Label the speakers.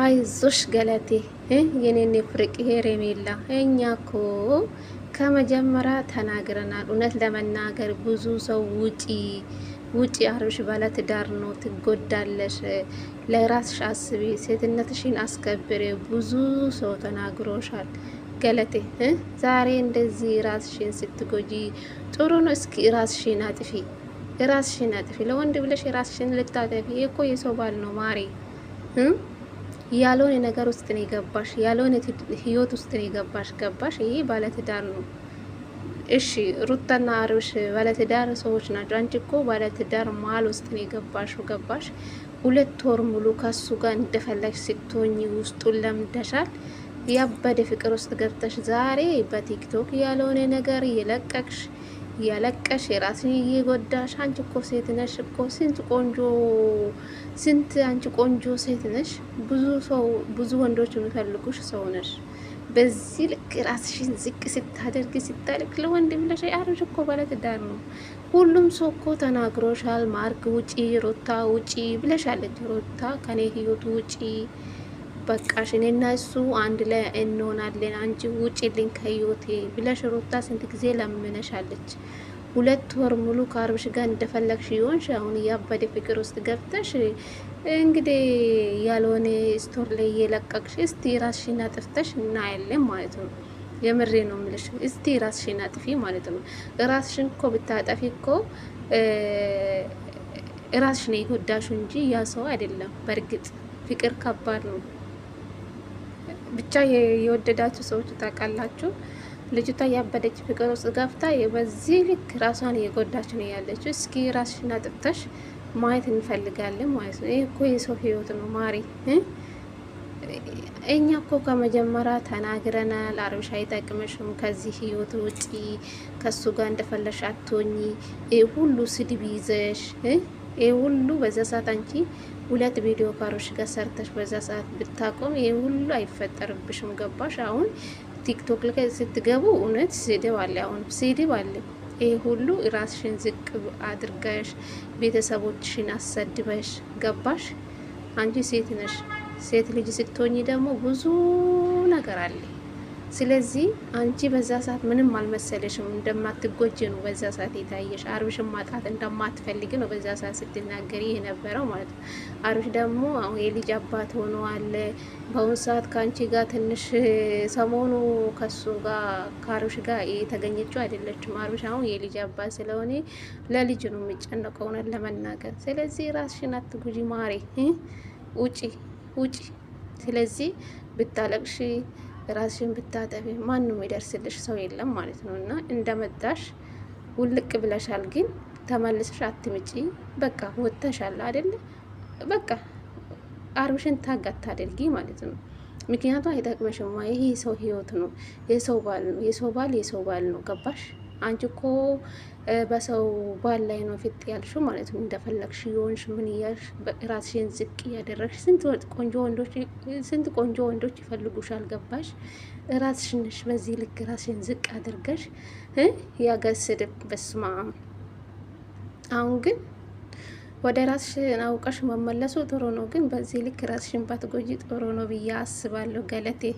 Speaker 1: አይዞሽ ገለቴ የኔን ፍርቅ ሄሬሜላ እኛ ኮ ከመጀመሪያ ተናግረናል። እውነት ለመናገር ብዙ ሰው ውጪ ውጪ አብርሽ ባለ ነው፣ ትጎዳለሽ፣ ለራስሽ አስቢ፣ ሴትነትሽን አስከብሪ ብዙ ሰው ተናግሮሻል። ገለቴ ዛሬ እንደዚህ ራስሽን ስትጎጂ ጥሩ ነው። እስኪ ራስሽን አጥፊ፣ ራስሽን አጥፊ። ለወንድ ብለሽ ራስሽን ልታጠፊ እኮ የሰው ባል ነው ማሬ ያልሆነ ነገር ውስጥ ነው የገባሽ፣ ያልሆነ ህይወት ውስጥ ነው የገባሽ። ገባሽ? ይሄ ባለትዳር ነው። እሺ ሩታና አብርሽ ባለትዳር ሰዎች ናቸው። አንቺ እኮ ባለትዳር መሀል ውስጥ ነው የገባሽ። ገባሽ? ሁለት ወር ሙሉ ከሱ ጋር እንደፈለግሽ ስትሆኝ ውስጡን ለምደሻል። ያበደ ፍቅር ውስጥ ገብተሽ ዛሬ በቲክቶክ ያልሆነ ነገር እየለቀቅሽ እያለቀሽ የራስን እየጎዳሽ አንቺ እኮ ሴት ነሽ እኮ ስንት ቆንጆ ስንት አንቺ ቆንጆ ሴት ነሽ። ብዙ ሰው ብዙ ወንዶች የሚፈልጉሽ ሰው ነሽ። በዚህ ልክ ራስሽን ዝቅ ስታደርግ ስታልቅ ለወንድ ብለሽ አብርሽ እኮ ባለትዳር ነው። ሁሉም ሰው እኮ ተናግሮሻል። ማርክ ውጪ፣ ሩታ ውጪ ብለሻለች። ሩታ ከኔ ህይወቱ ውጪ በቃሽ እኔና እሱ አንድ ላይ እንሆናለን፣ አንቺ ውጪልኝ ከህይወቴ ብለሽ ሩታ ስንት ጊዜ ለምነሻለች። ሁለት ወር ሙሉ ከአብርሽ ጋር እንደፈለግሽ ይሆንሽ። አሁን ያበደ ፍቅር ውስጥ ገብተሽ እንግዲህ ያልሆነ ስቶር ላይ እየለቀቅሽ እስቲ ራስሽን አጥፍተሽ እናያለን ማለት ነው። የምሬ ነው ምልሽ። እስቲ ራስሽን አጥፊ ማለት ነው። ራስሽን እኮ ብታጠፊ እኮ ራስሽን የጎዳሹ እንጂ ያ ሰው አይደለም። በእርግጥ ፍቅር ከባድ ነው። ብቻ የወደዳችሁ ሰዎች ታውቃላችሁ። ልጅቷ ያበደች ፍቅር ውስጥ ገብታ በዚህ ልክ ራሷን እየጎዳች ነው ያለችው። እስኪ ራስሽን አጥፍተሽ ማየት እንፈልጋለን ማለት ነው። ይህ እኮ የሰው ህይወት ነው ማሪ። እኛ እኮ ከመጀመሪያ ተናግረናል። አብርሽ አይጠቅምሽም፣ ከዚህ ህይወት ውጪ፣ ከሱ ጋር እንደፈለሽ አትሆኚ፣ ሁሉ ስድብ ይዘሽ ይህ ሁሉ በዛ ሰዓት አንቺ ሁለት ቪዲዮ ካሮች ጋር ሰርተሽ በዛ ሰዓት ብታቆም ይህ ሁሉ አይፈጠርብሽም። ገባሽ? አሁን ቲክቶክ ላይ ስትገቡ እውነት ስድብ አለ፣ አሁን ስድብ አለ። ይህ ሁሉ ራስሽን ዝቅ አድርገሽ ቤተሰቦችሽን አሰድበሽ ገባሽ? አንቺ ሴት ነሽ። ሴት ልጅ ስትሆኝ ደግሞ ብዙ ነገር አለ። ስለዚህ አንቺ በዛ ሰዓት ምንም አልመሰለሽም፣ እንደማትጎጅ ነው በዛ ሰዓት የታየሽ። አብርሽን ማጣት እንደማትፈልግ ነው በዛ ሰዓት ስትናገሪ የነበረው ማለት ነው። አብርሽ ደግሞ አሁን የልጅ አባት አለ በአሁኑ ሰዓት ከአንቺ ጋር ትንሽ ሰሞኑ ከሱ ጋር ከአብርሽ ጋር የተገኘችው አይደለችም። አብርሽ አሁን የልጅ አባት ስለሆነ ለልጅ ነው የሚጨነቀው እውነት ለመናገር። ስለዚህ ራስሽን አትጉጂ ማሬ፣ ውጪ ውጪ። ስለዚህ ብታለቅሽ ራስሽን ብታጠቢ ማንም ይደርስልሽ ሰው የለም ማለት ነው። እና እንደመጣሽ ውልቅ ብለሻል፣ ግን ተመልሰሽ አትምጪ። በቃ ወጥተሻል አይደለ? በቃ አርብሽን ታጋት አደልጊ ማለት ነው። ምክንያቱ አይጠቅመሽማ። ይሄ የሰው ህይወት ነው፣ የሰው ባል ነው። የሰው ባል የሰው ባል ነው። ገባሽ? አንቺ እኮ በሰው ባል ላይ ነው ፊት ያልሹ ማለት ነው። እንደፈለግሽ የሆንሽ ምን እያልሽ ራስሽን ዝቅ እያደረግሽ ስንት ቆንጆ ወንዶች ይፈልጉሽ አልገባሽ? ራስሽንሽ በዚህ ልክ ራስሽን ዝቅ አድርገሽ የአገር በስማ። አሁን ግን ወደ ራስሽን አውቀሽ መመለሱ ጥሩ ነው፣ ግን በዚህ ልክ ራስሽን ባትጎጂ ጥሩ ነው ብዬ አስባለሁ ገለቴ።